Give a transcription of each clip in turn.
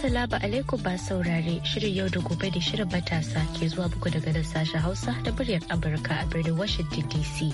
Assalamu alaikum ba saurare shirin yau da gobe da shirin matasa ke zuwa buku daga nan sashen Hausa da muryar Amurka a birnin Washington DC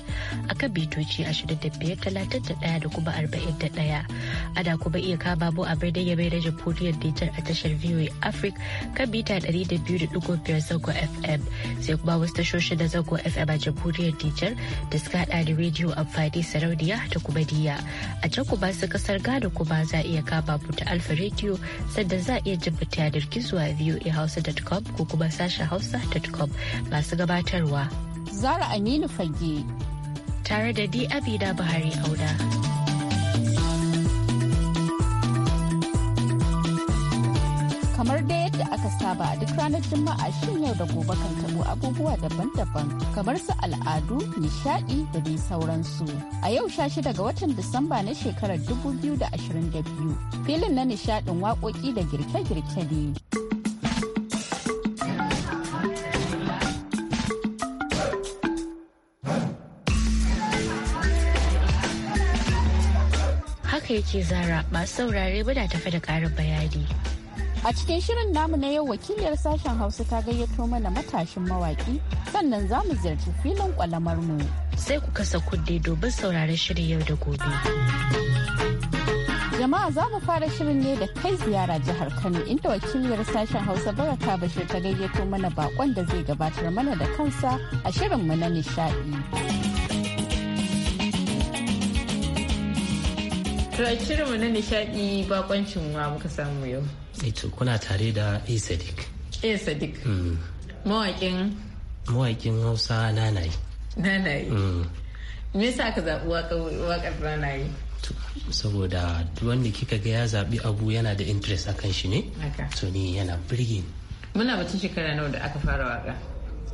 a kan bitoci 25,31 da kuma 41. Ana kuma iya kama mu a birnin Yamai da Jamhuriyar Nijar a tashar VOA Africa kan mita 200.5 zango FM sai kuma wasu tashoshin da zango FM a Jamhuriyar Nijar da suka hada da rediyo amfani sarauniya da kuma diya. A can kuma su kasar Ghana kuma za a iya kama mu ta Alfa rediyo sanda za za a iya jibbata yanar gizo a voahausa.com ko kuma sashen hausa.com masu gabatarwa. Zara Aminu Fage. Tare da Di Abida Buhari Auda. aka saba a duk ranar Juma'a shin yau da gobe kan tabo abubuwa daban-daban kamar su al'adu, nishaɗi, da dai sauransu. A yau sha shi ga watan Disamba na shekarar da da biyu, filin na nishaɗin waƙoƙi da girke-girke ne. haka yake zara masu saurare bada tafi da ƙarin bayani. A cikin shirin namu na yau wakiliyar sashen Hausa ta gayyato mana matashin mawaki sannan za mu ziyarci filin kwalamar mu. Sai ku kasa kudi domin sauraron shirin yau da gobe. Jama'a za mu fara shirin ne da kai ziyara jihar Kano inda wakiliyar sashen Hausa Baraka Bashir ta gayyato mana bakon da zai gabatar mana da kansa a shirin mu na nishadi. Tura shirinmu na nishaɗi bakoncin wa muka samu yau. ito eh, kuna tare da a sadiq a sadiq hmm. mawaƙin mawaƙin hausa nanayi nanayi hmm. me yasa ka zaɓi waƙar nanayi saboda wanda kika ga ya zaɓi abu yana da interest a kan shi ne to ni yana birgin muna batun shekara nawa da aka fara waƙa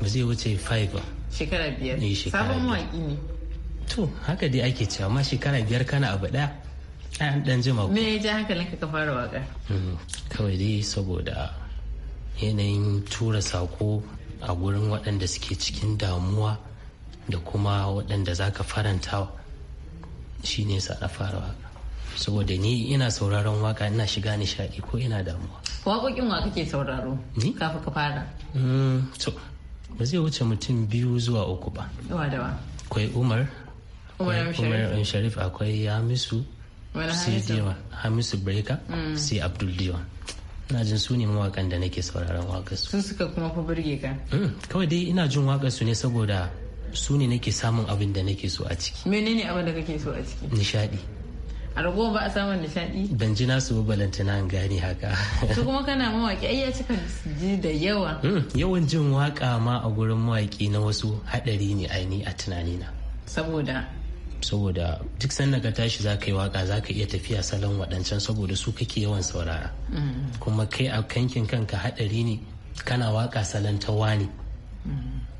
ba zai wuce 5 shekara biyar eh, sabon mawaƙi ne to haka dai ake cewa ma shekara biyar kana abu ɗaya an eh, dan mako me ya ji hankalin ka fara waka hmm, kawai dai saboda yanayin tura sako a gurin waɗanda suke cikin damuwa da kuma waɗanda za ka faranta shi ne sa na fara waka saboda ni ina sauraron waka ina shiga nishaɗi ko ina damuwa waƙoƙin wa kake sauraro ni kafa ka fara hmm, to ba zai wuce mutum biyu zuwa uku ba akwai umar umar sharif akwai yamisu sai dewa hamisu breaker mm. sai abdul dewa ina jin su ne mawakan da nake sauraron waƙar su sun suka kuma fi burge ka mm, kawai dai ina jin waƙar su ne saboda su ne nake samun abin da nake so a ciki menene abin da kake so a ciki nishadi a ragowa ba a samun nishadi ban ji nasu balantana an gane haka to kuma kana mawaki ai ya cika ji da yawa mm, yawan jin waka ma a gurin mawaki na wasu hadari ne aini a tunanina saboda saboda duk sanda ka tashi za ka yi waka za ka iya tafiya salon waɗancan saboda su kake yawan saurara kuma kai a kankin kanka haɗari ne kana waka salon ta wani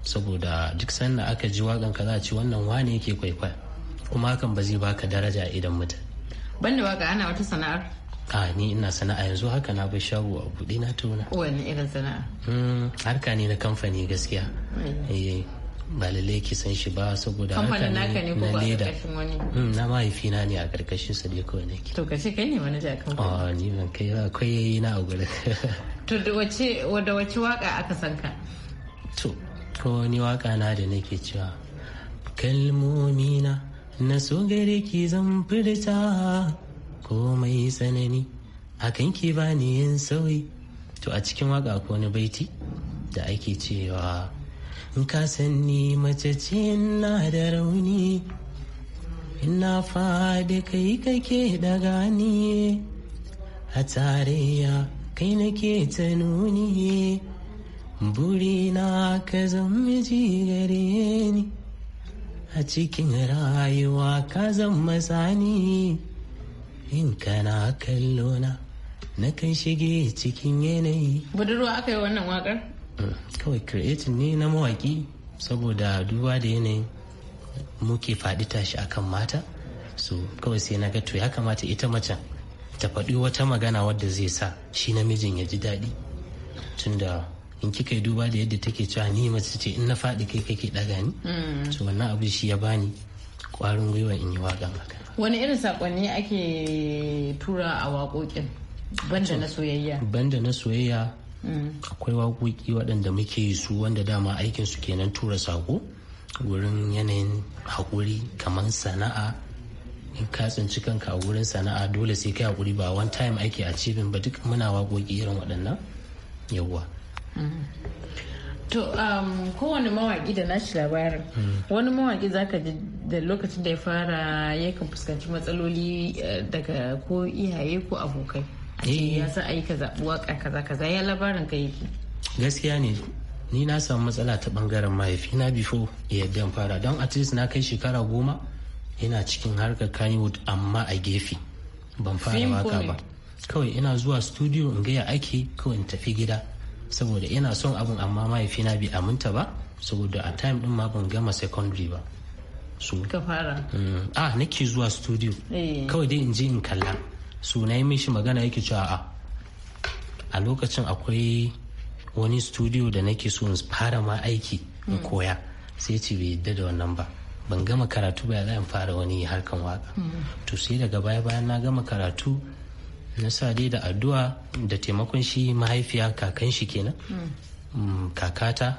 saboda duk sanda aka ji wakan ka za a ci wannan wani yake kwaikwaya kuma hakan ba zai baka daraja idan mutum. banda waka ana wata sana'ar a ni ina sana'a yanzu haka na bai shago a buɗe na tona wani irin sana'a hmm, harka ne na kamfani gaskiya ba lalle ki san shi ba saboda haka ne na leda mm, na mahaifina ne a karkashin sa dai kawai nake to kace kai ne manaja a kamfanin a ni ban kai ba akwai yayi na a gurin to da wace wada wace waka aka san ka to ko ni waka na da nake cewa kalmomi na na so gare ki zan furta komai sanani akan ki bani yin sauyi to a cikin waka ko ni baiti da ake cewa ka ni mace ce na da rauni ina fadi kai kake daga ni a tarayya kai nake ta nuni burina ka zama miji gare ni a cikin rayuwa ka zama sani in kana kallona na kan shige cikin yanayi budurwa aka yi wannan wakar kawai creating ne na mawaki saboda duba da yanayin muke faɗi tashi akan mata so kawai sai na ga to ya kamata ita macen ta faɗi wata magana wadda zai sa shi namijin ya ji daɗi tunda in kika yi duba da yadda take cewa ni mace ce in na faɗi kai kake ɗaga ni mm. so wannan abu shi ya bani ƙwarin gwiwa in yi waƙa maka wani irin saƙonni ake tura a waƙoƙin banda na soyayya banda na soyayya akwai waƙoƙi waɗanda muke yi su wanda dama aikin su kenan tura sako wurin yanayin hakuri kamar sana'a in ka tsinci kanka a wurin sana'a dole sai kai hakuri ba one time aiki a cibin ba duk muna waƙoƙi irin waɗannan yawwa To um, kowane mawaƙi da nashi labarin mm. wani mawaƙi zaka ji da lokacin da ya fara yakan fuskanci matsaloli eh, daga ko iyaye ko abokai Eh. ya sa kaza kaza kaza ya labarin ka gaskiya ne ni na samu matsala ta bangaren mahaifina bifo ya yadda fara don at least na kai shekara goma ina cikin harkar kanywood amma a gefe ban fara waka ba kawai ina zuwa studio in gaya ake kawai in tafi gida saboda ina son abin amma mahaifina bai aminta ba saboda a time din ma ban gama secondary ba so ka fara mm, ah nake zuwa studio eh. kawai dai in je in kalla su na yi mishi magana yake cewa a a lokacin akwai wani studio da nake so in fara ma aiki in hmm. koya sai ce bai yadda da wannan ba ban gama karatu ba za in fara wani harkan waka hmm. to sai daga baya bayan na gama karatu na sa dai da addu'a da taimakon shi mahaifiya kakan shi kenan hmm. mm, kakata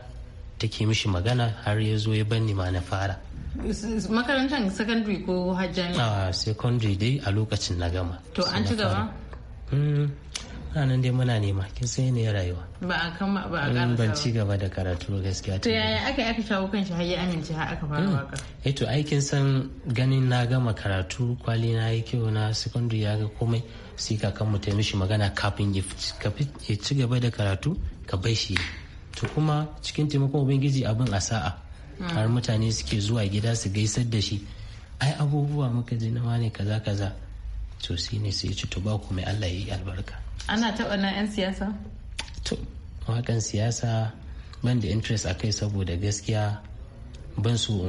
take mishi magana har ya zo ya banni ma na fara makarantar secondary ko hajjami Ah, secondary dai a lokacin na gama to an ci gaba mm, nan dai muna nema kin sai ne rayuwa ba a kama ba a karanta mm, ban ci gaba da karatu gaskiya to yaya aka yi aka shawo kan shi har ya amince har aka fara mm. waka eh to aikin san ganin na gama karatu kwali na yi kyau na secondary ya ga komai sai kakan mu taimishi mishi magana kafin ya ci gaba da karatu ka bai shi to kuma cikin taimakon ubangiji abin a sa'a har mutane suke zuwa gida su gaisar da shi ai abubuwa muka ji nawa ne kaza kaza to shi ne sai ci ba ku mai Allah ya yi albarka ana taɓa na 'yan siyasa to wakan siyasa ban da interest a saboda gaskiya ban su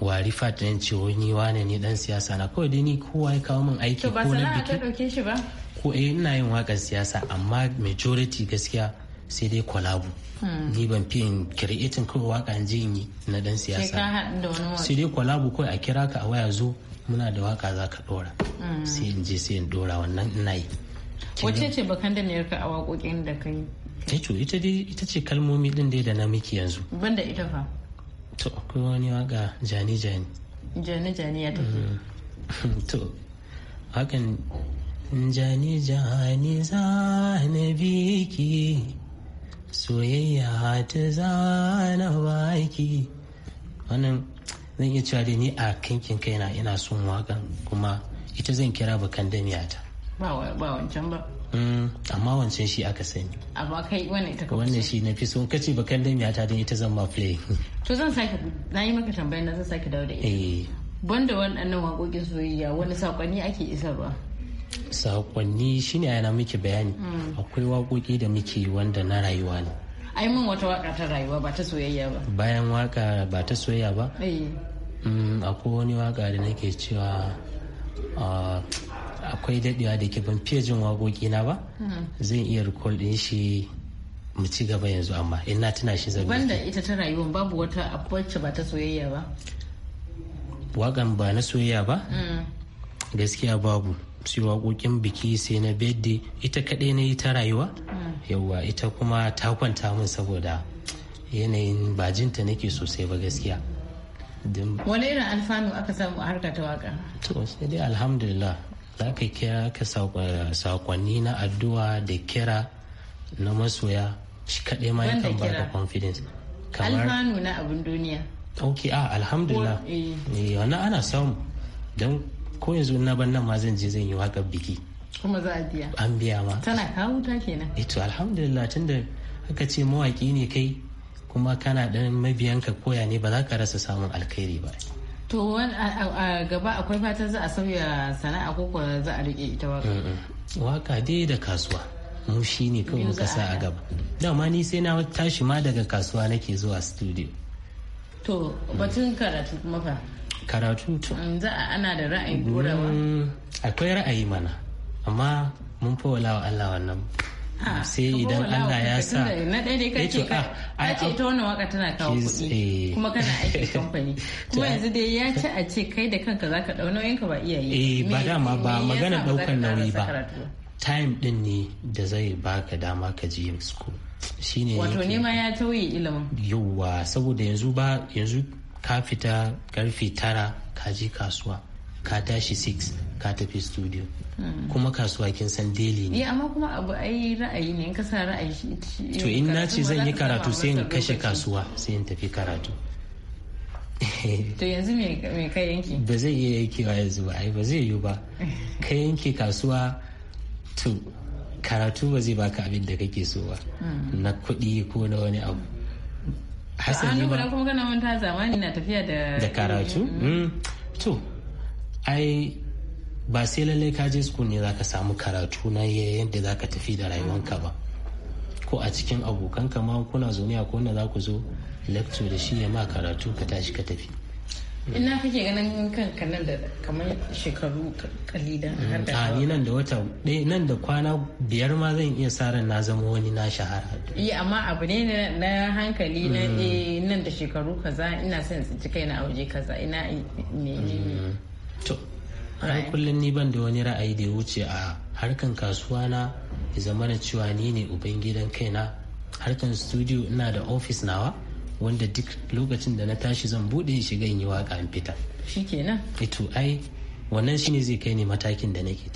wari fat ce wani wane ne dan siyasa na kawai dai ni kowa ya kawo min aiki ko na biki ko eh ina yin wakan siyasa amma majority gaskiya sai dai kwalabu hmm. ni ban fi yin creating kawai waka an ji yi na dan siyasa sai dai kwalabu kawai a kira ka a waya zo muna da waka za ka dora hmm. sai in je sai in dora wannan ina yi wace ce bakan da ka a waƙoƙin da ka yi eh ita dai ita ce kalmomi din dai da na miki yanzu banda ita fa to akwai wani waka jani jani jani jani ya tafi hmm. to hakan jani jani za na biki soyayya ta zana baki wannan zan iya cewa da ni a kankin kaina ina son wakan kuma ita zan kira bakan damiyata ba wancan ba mm, amma wancan shi aka sani amma kai wannan ita wannan shi na fi so kace bakan damiyata don ita zan ma play to zan sake na yi maka tambayar na zan sake dawo da ita eh. banda wannan waƙoƙin soyayya wani saƙonni ake isarwa sakonni shine yana muke bayani hmm. akwai waƙoƙi da muke wanda na rayuwa ne ai mun wata waka ta rayuwa ba ta soyayya ba bayan waka ba ta soyayya ba eh. hmm, akwai wani waka da nake cewa ah, akwai daɗewa da ke ban fiye jin waƙoƙi na ba hmm. zan iya rikodin shi mu ci gaba yanzu amma in eh, na tuna shi zabi banda ita ta rayuwa babu wata abuwacce ba ta soyayya ba Wakan ba na soyayya ba gaskiya babu su waƙoƙin biki sai na birthday ita kaɗai na yi ta rayuwa yauwa ita kuma ta kwanta min saboda yanayin bajinta nake sosai ba gaskiya wani irin alfanu aka samu a harkar ta waka to sai dai alhamdulillah za ka kira ka sakonni na addu'a da kira na masoya shi kaɗai ma yakan ba ka confidence alfanu na abin duniya ok ah alhamdulillah eh. Eh, wannan ana samu don ko yanzu na ban nan ma zan je zan yi waƙar biki kuma za a biya an biya ma tana kawo ta kenan eh alhamdulillah tunda aka ce mawaki ne kai kuma kana dan mabiyanka koya ne ba za ka rasa samun alkhairi ba to a gaba akwai fata za a sauya sana'a ko za a rike ita waka waka dai da kasuwa mu shi ne kawai muka sa a gaba dama ni sai na tashi ma daga kasuwa nake zuwa studio to batun karatu kuma fa karatu mm, za a ana da ra'ayin gorawa. Mm, akwai ra'ayi mana amma mun fi wala wa Allah wannan ah, sai idan Allah ya sa na ɗaya dai kace ka eh ce ah, ta wannan waka tana kawo kuɗi kuma kana aiki kamfani kuma yanzu dai ya ci a ce kai da kanka zaka ɗau nauyin ka ba iyaye eh ba dama ba magana ɗaukar nauyi ba time din ne da zai baka dama ka je school shine wato nema ya tauye ilimin yauwa saboda yanzu ba yanzu ka fita karfe tara ka je kasuwa ka tashi 6 ka tafi studio hmm. kuma kasuwa kin san daily ne eh, amma kuma abu ai ra'ayi ne in ka sa ra'ayi shi to in na ce zan yi karatu sai in kashe kasuwa sai in tafi karatu to yanzu me ka yanki ba zai iya ba yanzu ba ai ba zai yiwu ba ka yanki kasuwa to karatu ba zai baka abin da kake so ba hmm. na kuɗi ko na wani abu hassan ma kuma kana manta zamani na tafiya da karatu mm. Mm. ba sai lallai ka je school ne ka samu karatu na yadda zaka tafi da rayuwanka ba ko a cikin abokanka ma kuna zaune a kona za ku zo lecture da shi ya ma karatu ka tashi ka tafi ina kake ganin kanka nan da kamar shekaru kalida mm, a ni nan da wata eh, nan da kwana biyar ma zan iya sa na zama wani na shahara iya amma abu ne na hankali na mm. eh, nan da shekaru kaza ina son tsinci kaina a waje kaza ina ne mm. to har kullum ni ban da wani ra'ayi da ya wuce a harkan kasuwa na ya zama na cewa ni ne ubangidan kaina harkan studio ina da ofis nawa wanda duk lokacin da na tashi zan bude shi shiga in yi waka in fita shikenan ito ai wannan shine zai kai ne matakin da nake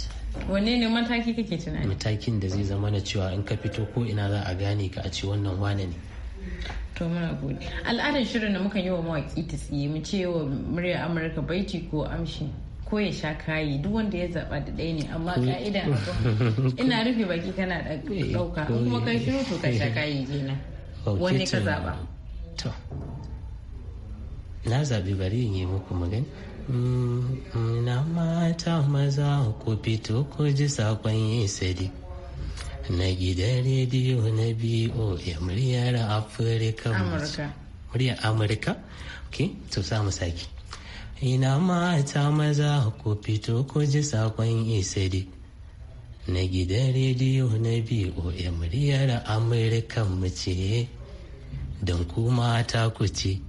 wanne ne mataki kake tunani matakin da zai zama na cewa in ka fito ko ina za a gane ka a ce wannan wane ne to muna gode al'adar shirin da muka yi wa mawaki ta tsiye mu ce wa murya amurka baiti ko amshi ko ya sha kayi duk wanda ya zaba da ɗaya ne amma ka'ida ina rufe baki kana ɗauka eh, kuma kai shiru to ka sha eh. kayi kenan wanne ka zaba to na zabi bari in yi muku magani mm, mm, na mata maza ku fito ku ji sakon sadi na gidan rediyo na biyu ya muryar afirka muryar amurka ok to samu saki ina mata maza ku fito ku ji sakon sadi. na gidan rediyo na biyu ya muryar amurka mu ce don kuma ta kuce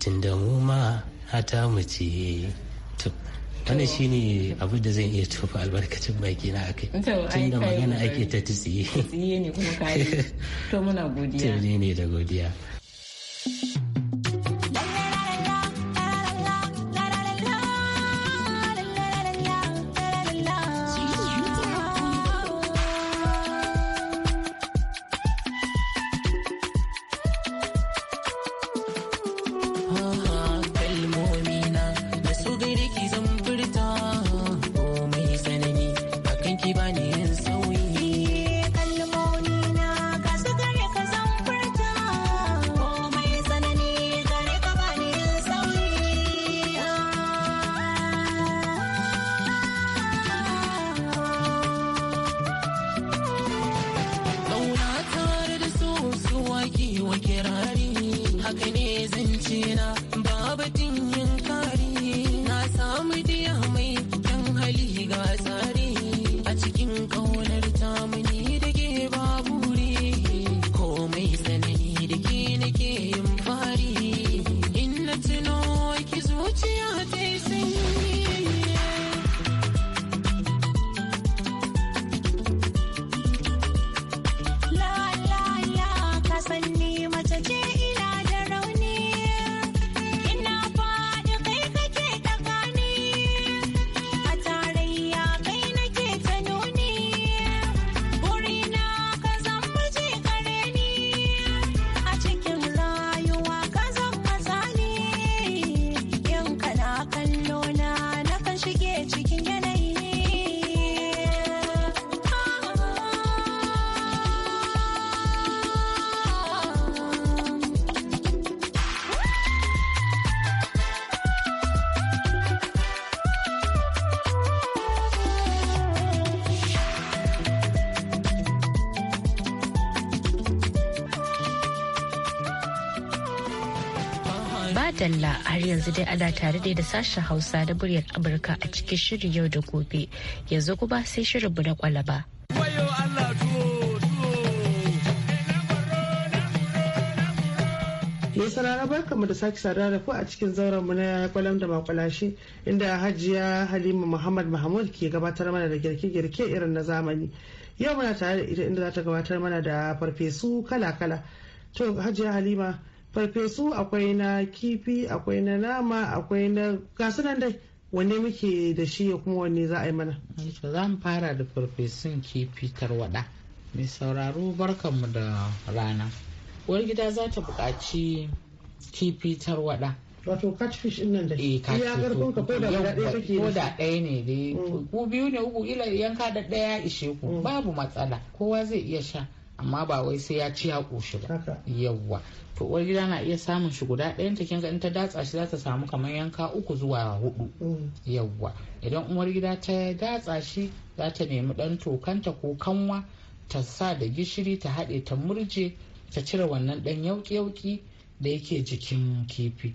tunda mu ma hata mu ci wannan shi ne abu da zan iya tofa albarkacin baki na akai tun da magana ake ta tsiye ne kuma kayi to muna godiya ne da godiya ba Badalla har yanzu dai ana tare dai da sashen Hausa da muryar Amurka a cikin shirin yau da gobe. Yanzu kuma sai shirin na kwalaba. Mai sarara mu da sake sada da ku a cikin zauren mu na kwalam da makwalashi inda hajiya Halima Muhammad Mahmud ke gabatar mana da girke-girke irin na zamani. Yau muna tare da ita inda za ta gabatar mana da farfesu kala-kala. To hajiya Halima farfesu akwai na kifi akwai na nama akwai na gasu nan dai wanne muke da shi ya kuma wanne za a yi mana za mu fara da farfesun kifi tarwada mai sauraro barkanmu da rana uwar gida za ta buƙaci kifi tarwada wato catfish din nan da eh, shi ya garkon ka ko da ɗaya kake ko da ɗaya ne dai mm. ku biyu ne uku ila yanka da ɗaya ishe ku mm. babu matsala kowa zai iya sha amma ba wai sai ya ci ya ƙoshi ba yawwa to uwar gida na iya samun shi guda ɗayan ta kinga in ta datsa shi za ta samu kamar yanka uku zuwa hudu mm. yawwa idan uwar gida ta datsa shi za ta nemi ɗan tokanta ko kanwa ta sa da gishiri ta haɗe ta murje ta cire wannan ɗan yauki yauƙi da yake jikin kifi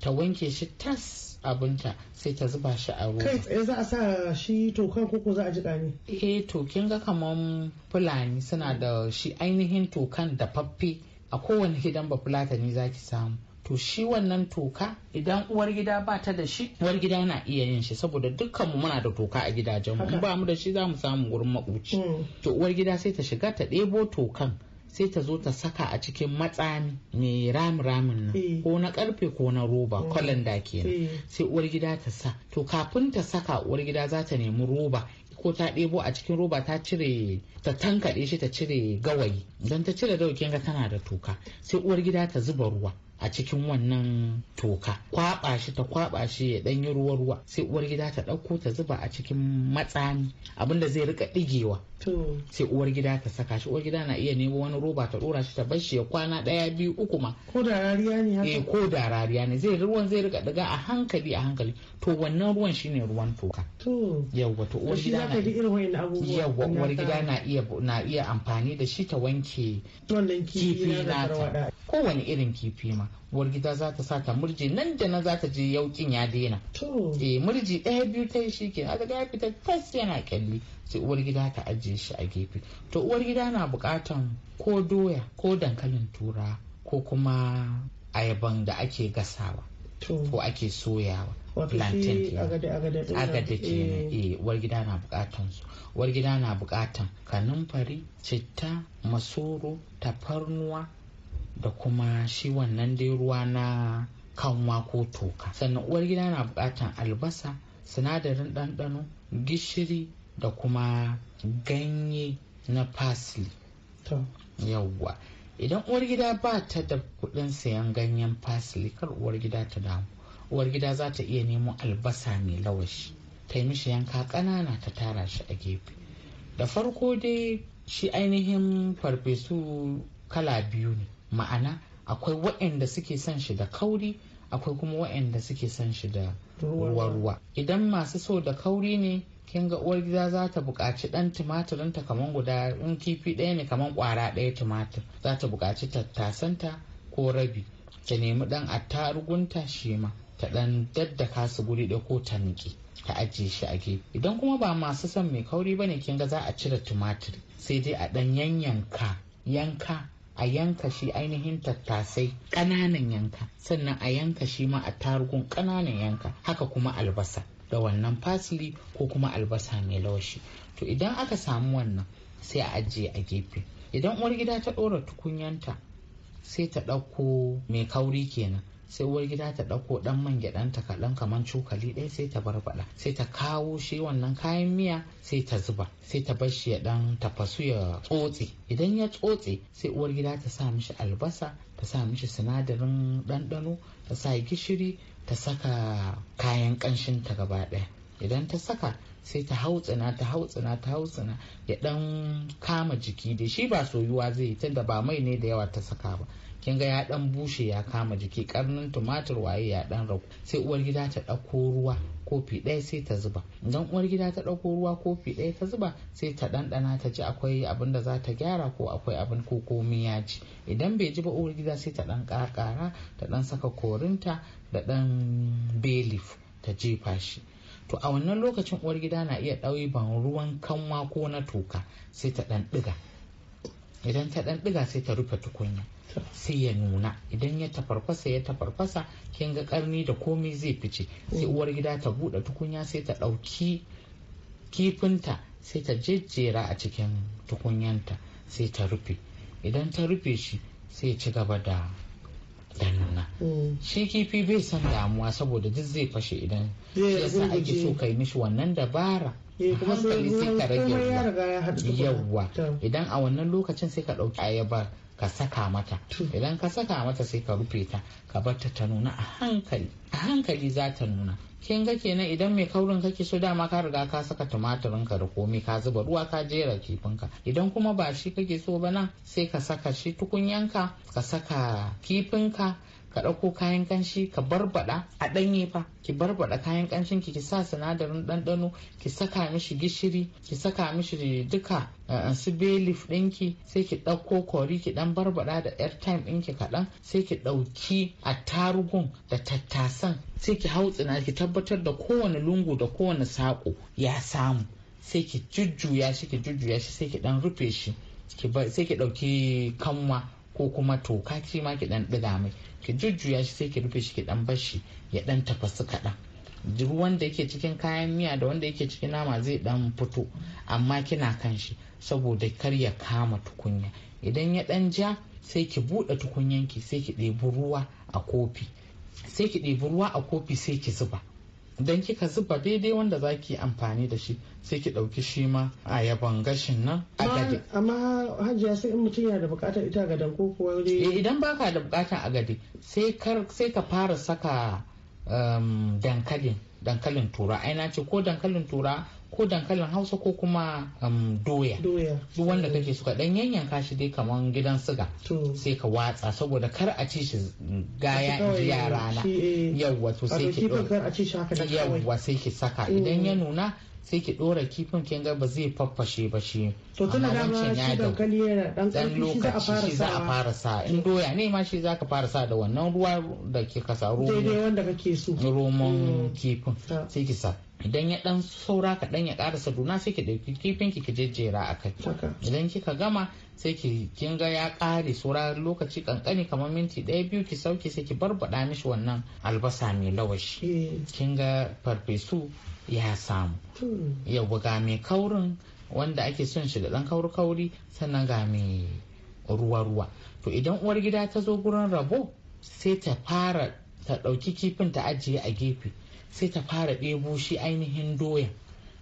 ta wanke shi tas abinta sai ta zuba shi a ruwa kai tsaye za a sa shi tokan koko za a jiƙa ne eh to kin ga kaman fulani suna da shi ainihin tokan da faffe a kowane gidan bafulatani za ki samu to shi wannan toka idan uwar gida ba ta da shi uwar gida na iya yin shi saboda dukkanmu muna da toka a gidajenmu in ba mu da shi za mu samu wurin makuci hmm. to uwar gida sai ta shiga ta ɗebo tokan sai ta zo ta saka a cikin matsami mai ram ramin nan eh. ko na karfe ko na roba kwalanda oh. kenan eh. sai uwar gida ta sa to kafin ta saka uwar gida za ta nemi roba ko ta ɗebo a cikin roba ta cire ta tankaɗe shi ta cire gawayi don ta cire gawayi ga tana da toka sai uwar gida ta zuba ruwa a cikin wannan toka kwaba shi ta kwaba shi ya ɗanyi yi ruwa ruwa sai uwar gida ta ɗauko ta zuba a cikin matsami abinda zai rika ɗigewa. sai uwar gida ta saka shi uwar gida na iya nemo wani roba ta dora shi ta bar shi ya kwana daya biyu uku ma ko da rariya ne haka eh ko da rariya ne zai ruwan zai rika daga a hankali a hankali to wannan ruwan shine ruwan toka to yawa to uwar gida na yawa uwar gida na iya na iya amfani da shi ta wanke kifi na wani irin kifi ma uwar gida za ta saka murji nan da nan za ta je yaukin ya daina eh murji daya biyu ta yi shi ke daga ya fita tas yana kalli sai uwar gida ta ajiye shi a gefe to uwar gida na bukatan ko doya ko dankalin tura ko kuma ayaban da ake gasawa ko ake soyawa plantain agada kenan eh. eh uwar gida na bukatan su uwar gida na bukatan kanumfari citta masoro tafarnuwa da kuma shi wannan dai ruwa na kanwa ko toka sannan uwar gida na bukatan albasa sinadarin ɗanɗano gishiri da kuma ganye na parsley yawwa idan uwar gida ba ta da kudin sayan ganyen parsley kar uwar gida ta damu uwar gida za ta iya nemo albasa mai lawashi ta yi mishi yanka ƙanana ta tara shi a gefe da farko dai shi ainihin farfesu kala biyu ne ma'ana akwai waɗanda suke son shi da kauri akwai kuma waɗanda suke son shi da ruwa-ruwa idan masu so da kauri ne kin ga uwar gida za ta buƙaci ɗan tumatirinta kamar guda in kifi ɗaya ne kamar ƙwara ɗaya tumatir za ta buƙaci tattasanta ko rabi ta nemi ɗan attarugunta shi ma ta ɗan daddaka su guri ɗaya ko ta niƙe ta ajiye shi a gefe idan kuma ba masu son mai kauri ba ne kin ga za a cire tumatir sai dai a ɗan yanyanka yanka a yanka shi ainihin tattasai ƙananan yanka sannan a yanka shi ma attarugun ƙananan yanka haka kuma albasa da wannan fasili ko kuma albasa mai laushi to idan aka samu wannan sai a ajiye a gefe idan uwar gida ta ɗora tukunyanta sai ta ɗauko mai kauri kenan sai uwar gida ta ɗauko ɗan man gyaɗanta kaɗan kamar cokali ɗaya sai ta barbaɗa sai ta kawo shi wannan kayan miya sai ta zuba sai ta bar shi ya ɗan tafasu ya tsotse idan ya tsotse sai uwar gida ta sa mishi albasa ta sa mishi sinadarin ɗanɗano ta sa gishiri ta saka kayan kanshin gaba ɗaya idan ta saka sai ta hautsina ta hautsina ta hautsina ya dan kama jiki da shi ba soyuwa zai yi tunda ba mai ne da yawa ta saka ba kin ga ya dan bushe ya kama jiki karnin tumatir waye ya dan ragu sai uwar gida ta dauko ruwa kofi ɗaya sai ta zuba idan uwar gida ta ɗauko ruwa kofi ɗaya ta zuba sai ta ɗanɗana ta ji akwai abin da za ta gyara ko akwai abin ko komi ya ji idan bai ji ba uwar gida sai ta ɗan ƙaƙara ta ɗan saka korinta da ɗan belif ta jefa shi to a wannan lokacin uwar gida na iya ɗauiban ruwan kanwa ko na toka sai ta ɗan ɗiga idan ta ɗan ɗiga sai ta rufe tukunya sai ya nuna idan ya tafarfasa ya tafarfasa kin ga karni da komai zai fice sai uwar gida ta buɗe tukunya sai ta ɗauki kifinta sai ta jejjera a cikin tukunyanta sai ta rufe idan ta rufe shi sai ci gaba da Mm. shi kifi bai san damuwa saboda duk zai fashe idan yasa ake so kai mishi wannan dabara Eh, kuma sai ka rage yawwa idan a wannan lokacin sai ka dauki ayaba ka saka mata idan ka saka mata sai ka rufe ta ka bar ta nuna a hankali a hankali za ta nuna kin ga kenan idan mai kaurin kake so dama ka riga ka saka tumatirin ka da komai ka zuba ruwa ka jera kifin ka idan kuma ba shi kake so ba nan sai ka saka shi tukunyanka ka saka kifin ka. ka ɗauko kayan ƙanshi ka barbaɗa a ɗanye fa ki barbaɗa kayan kanshin ki sa sinadarin ɗanɗano ki saka mishi gishiri ki saka mishi duka eh, su belif ɗinki sai ki ɗauko kori ki ɗan barbaɗa da yar time ɗinki kaɗan sai ki ɗauki attarugun da tattasan sai ki hautsina ki tabbatar da kowane lungu da kowane saƙo ya samu sai ki jujjuya shi ki jujjuya shi sai ki ɗan rufe shi sai ki ɗauki kanwa ko kuma toka ce ma ki dan diga mai ki jujjuya shi sai ki rufe shi ki dan bar ya dan tafasu kaɗan duk wanda yake cikin kayan miya da wanda yake cikin nama zai dan fito amma kina kan shi saboda kar ya kama tukunya idan ya dan ja sai ki buɗe tukunyanki sai ki ɗebi ruwa a kofi sai ki ɗebi ruwa a kofi sai ki zuba don kika zuba daidai wanda za ki amfani da shi sai ki ɗauki shi ma a yaban gashin nan a gade. Amma hajiya sai in mutum yana da bukatar ita ga ko kuwa dai. Eh, idan baka da bukatar a gade sai ka fara saka um, dankalin dankalin tura ai ce ko dankalin tura ko dankalin hausa ko kuma um, doya duk wanda kake suka dan yanyanka shi dai kaman gidan siga sai ka watsa saboda kar a ci shi gaya ji rana na eh, yawwa to sai ki yawwa sai ki saka mm. idan ya nuna sai ki dora kifin kin ga ba zai faffashe ba shi to tana da shi dankali yana dan dan lokaci shi za a fara sa in doya ne ma shi za ka fara sa da wannan ruwa da ke kasa romo daidai wanda kake so romon mm. kifin sai ki sa idan ya dan saura kaɗan ya karasa duna sai ki ɗauki kifin ki jejjera a kai idan kika gama sai ki kin ya ƙare saura lokaci kankani kamar minti ɗaya biyu ki sauke sai ki barbaɗa mishi wannan albasa mai lawashi kinga farfesu ya samu hmm. ya buga mai kaurin wanda ake son shi da ɗan kauri kauri sannan ga mai ruwa ruwa to idan uwar gida ta zo gurin rabo sai ta fara ta ɗauki kifin ta ajiye a gefe sai ta fara ɗebo shi ainihin doyan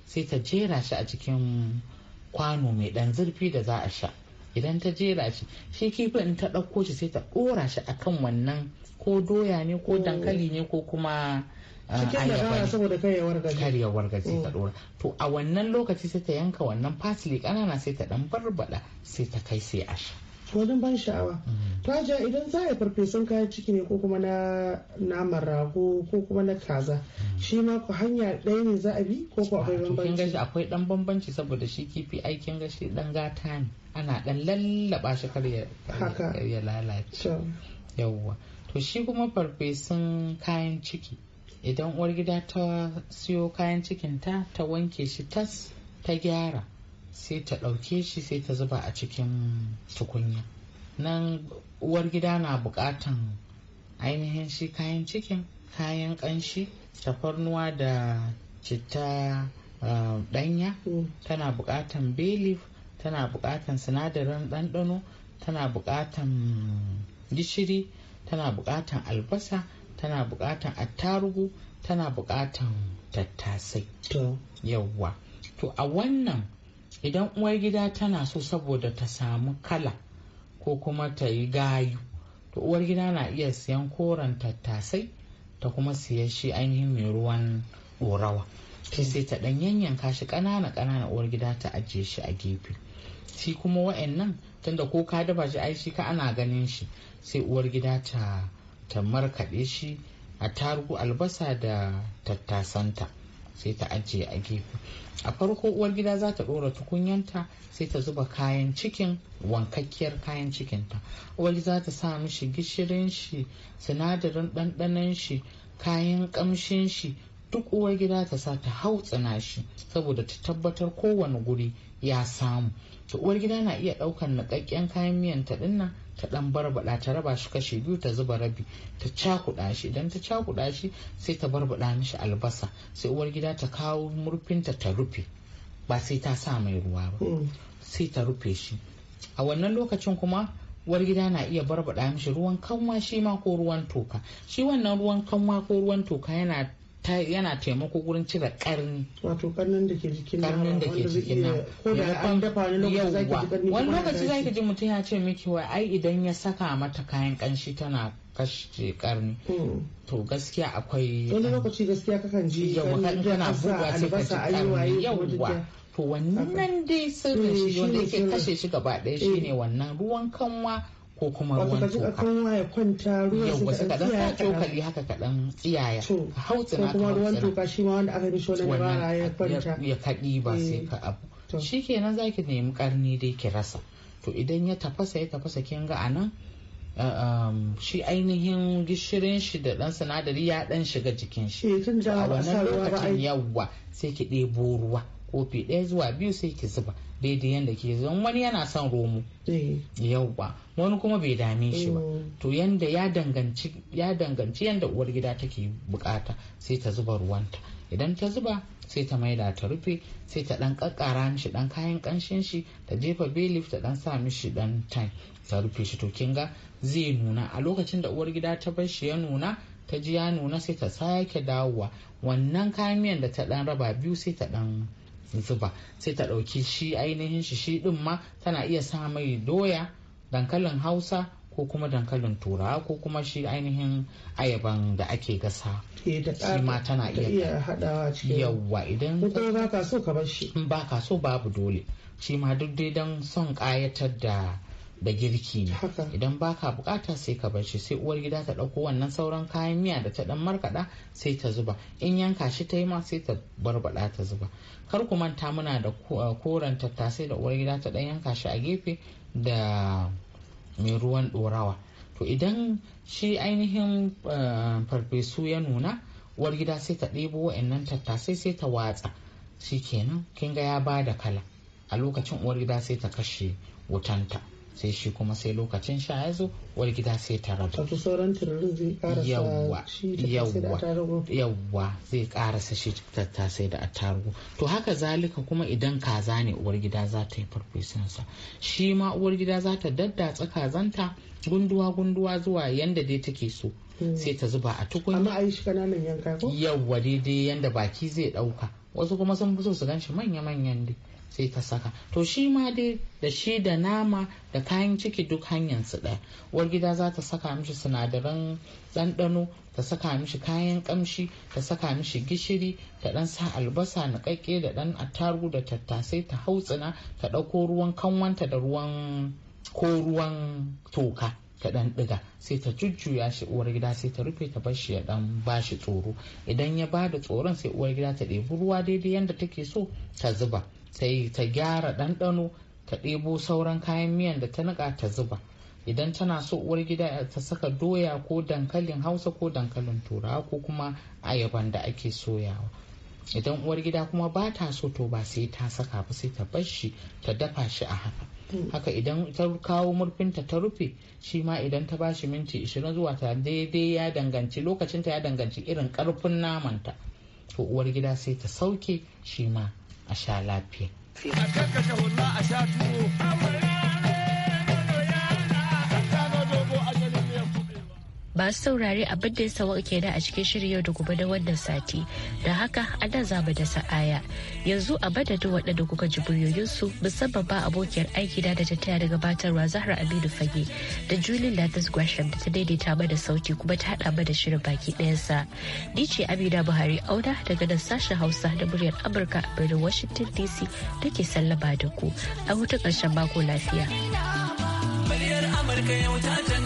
sai ta jera shi a cikin kwano mai ɗan zurfi da za a sha idan ta jera shi shi kifin in ta ɗauko shi sai ta ɗora shi akan wannan ko doya ne ko dankali ne ko kuma ah, karyawar gaji ta oh. ɗora to a wannan lokaci sai ta yanka wannan fasili ƙanana sai ta ɗan barbaɗa sai ta kai sai a sha ban sha'awa mm. Raja idan za a farfesun kayan ciki ne ko kuma na namar rago ko kuma na kaza shi ma ku hanya ɗaya ne za a bi ko ku akwai bambanci. gashi akwai ɗan bambanci saboda shi kifi aikin gashi ɗan gata ne ana ɗan lallaɓa shi kar ya lalace. Yawwa to shi kuma farfesun kayan ciki idan uwar gida ta siyo kayan ta ta wanke shi tas ta gyara sai ta ɗauke shi sai ta zuba a cikin tukunya. nan uwar gida na bukatan ainihin shi kayan cikin kayan kanshi tafarnuwa da citta danya ah, tana bukatan bay tana bukatan sinadarin ɗanɗano tana bukatan gishiri tana bukatan albasa tana bukatan attarugu tana bukatan tattasai yawwa to a wannan idan uwar gida tana so saboda ta samu kala ko kuma ta yi gayu to uwar gida na iya siyan koren tattasai ta kuma siya shi ainihin mai ruwan ɗorawa sai ta ɗan yanyanka shi ƙanana ƙanana uwar gida ta ajiye shi a gefe shi kuma wa'annan tunda ko ka dafa shi ai shi ka ana ganin shi sai uwar gida ta ta markaɗe shi a tarugu albasa da tattasanta sai ta ajiye a gefe a farko uwar gida za ta ɗora tukunyanta sai ta zuba kayan cikin wankakkiyar kayan cikinta uwar za ta sa mishi gishirin shi sinadarin ɗanɗanon shi kayan ƙamshin shi duk uwar gida ta sa ta hautsina shi saboda ta tabbatar kowane guri ya samu to uwar gida na iya ɗaukar niƙaƙƙen kayan miyanta ta dinnan ta dan barbada ta raba shi kashi biyu ta zuba rabi ta cakuɗa shi idan ta cakuɗa shi sai ta barbada mishi albasa sai uwar gida ta kawo murfinta ta rufe ba sai ta sa mai ruwa ba hmm. sai ta rufe shi a wannan lokacin kuma uwar gida na iya barbada mishi ruwan kanwa shi ma ko ruwan toka shi wannan ruwan kanwa ko ruwan toka yana yana taimako gurin cire karni wato karnin da ke jikin karnin da ke jikin nan ko da an dafa ne lokaci zaki wani lokaci zaki ji mutum ya ce miki wai ai idan ya saka mata kayan kanshi tana kashe karni hmm. to gaskiya akwai wani lokaci gaskiya kakan ji yawa kana buga sai ka ji karni yawa to wannan dai sirrin hmm, shi wanda yake kashe shi gaba ɗaya hmm. shine wannan ruwan kanwa ko kuma ruwan toka yau wasu kaɗan sa cokali haka kaɗan tsiyaya ka hautsina ka hautsina ya kaɗi ba eh, sai ka abu shi kenan za nemi karni dai ki rasa to idan ya tafasa ya tafasa kin ga anan shi ainihin gishirin shi da dan sinadari ya dan shiga jikin shi eh, a wannan lokacin yawwa sai ki ɗebo ruwa kofi ɗaya zuwa biyu sai ki zuba daidai yadda ke zan wani yana son romo eh. yau ba wani kuma bai dame shi ba mm. to yadda ya danganci yadda yanda uwar gida take bukata sai ta zuba ruwanta idan ta zuba sai ta maida ta rufe sai ta dan kakkara mishi dan kayan kanshin shi ta jefa belif ta dan sa mishi dan time ta rufe shi to kinga zai nuna a lokacin da uwar gida ta bar shi ya nuna ta ji ya nuna sai ta sake dawowa wannan kayan miyan da ta dan raba biyu sai ta dan zuba sai ta ɗauki shi ainihin shi shi ɗin ma tana iya sa mai doya dankalin hausa ko kuma dankalin turawa ko kuma shi ainihin ayaban da ake gasa eh, shi ma tana iya haɗawa cikin yawwa idan ba ka so babu dole shi ma duk dai don son ƙayatar da da girki ne idan baka bukata sai ka bar shi sai uwar gida ta dauko wannan sauran kayan miya da ta dan markada sai ta zuba in yanka shi ta yi ma sai ta barbada ta zuba kar ku manta muna da koren tattasai da uwar gida ta dan yanka shi a gefe da mai ruwan dorawa to idan shi ainihin farfesu ya nuna uwar gida sai ta ɗebo wa'annan tattasai sai ta watsa shi shikenan kin ga ya bada kala a lokacin uwar gida sai ta kashe wutanta sai shi kuma sai lokacin sha ya zo wani gida sai ta rabu yawwa yawwa zai ƙarasa shi tattasai da attarugu to haka zalika kuma idan kaza ne uwar gida za ta yi shi ma uwar gida za ta daddatsa kazanta gunduwa gunduwa zuwa yanda dai take so hmm. sai ta zuba a tukunya amma ayi shi kananan yanka ko yawwa daidai yanda baki zai ɗauka wasu kuma sun fi so su gan shi manya manyan dai sai ka saka to shi ma dai da shi da nama da kayan ciki duk hanyar su ɗaya uwar gida za ta saka mishi sinadaran ɗanɗano ta saka mishi kayan ƙamshi ta saka mishi gishiri ta ɗan sa albasa niƙaƙƙe da ɗan attarugu da tattasai ta hautsina ta ɗauko ruwan kanwanta da ruwan ko ruwan toka ta dan diga sai ta jujjuya shi uwar gida sai ta rufe ta bar shi ya dan bashi tsoro idan ya bada tsoron sai uwar gida ta ɗebi ruwa daidai yadda take so ta zuba sai ta gyara ɗanɗano ta ɗebo sauran kayan miyan da ta niƙa ta zuba idan tana so uwar gida ta saka doya ko dankalin hausa ko dankalin turawa ko kuma ayaban da ake soyawa idan uwar gida kuma ba ta so to ba sai ta saka ba sai ta bar shi ta dafa shi a haka haka idan ta kawo murfinta ta rufe shi ma idan ta ba shi minti 20 zuwa ta daidai ya danganci lokacinta ya danganci irin karfin namanta to uwar gida sai ta sauke shi ma sha lafiya. A sha tuwo. ba su saurare abin da ya sawa ke da a cikin shirin yau da gobe da wannan sati da haka ana da za mu da sa'aya yanzu a duk waɗanda kuka ji buyoyinsu musamman ba abokiyar aiki da ta taya da gabatarwa zahra aminu fage da julin latas gwasham da ta daidaita mana sauti kuma ta haɗa mana shirin baki ɗayansa ni ce amina buhari auna daga nan sashen hausa da muryar amurka a birnin washington dc da ke sallaba da ku a hutun ƙarshen mako lafiya. Muryar Amurka yau ta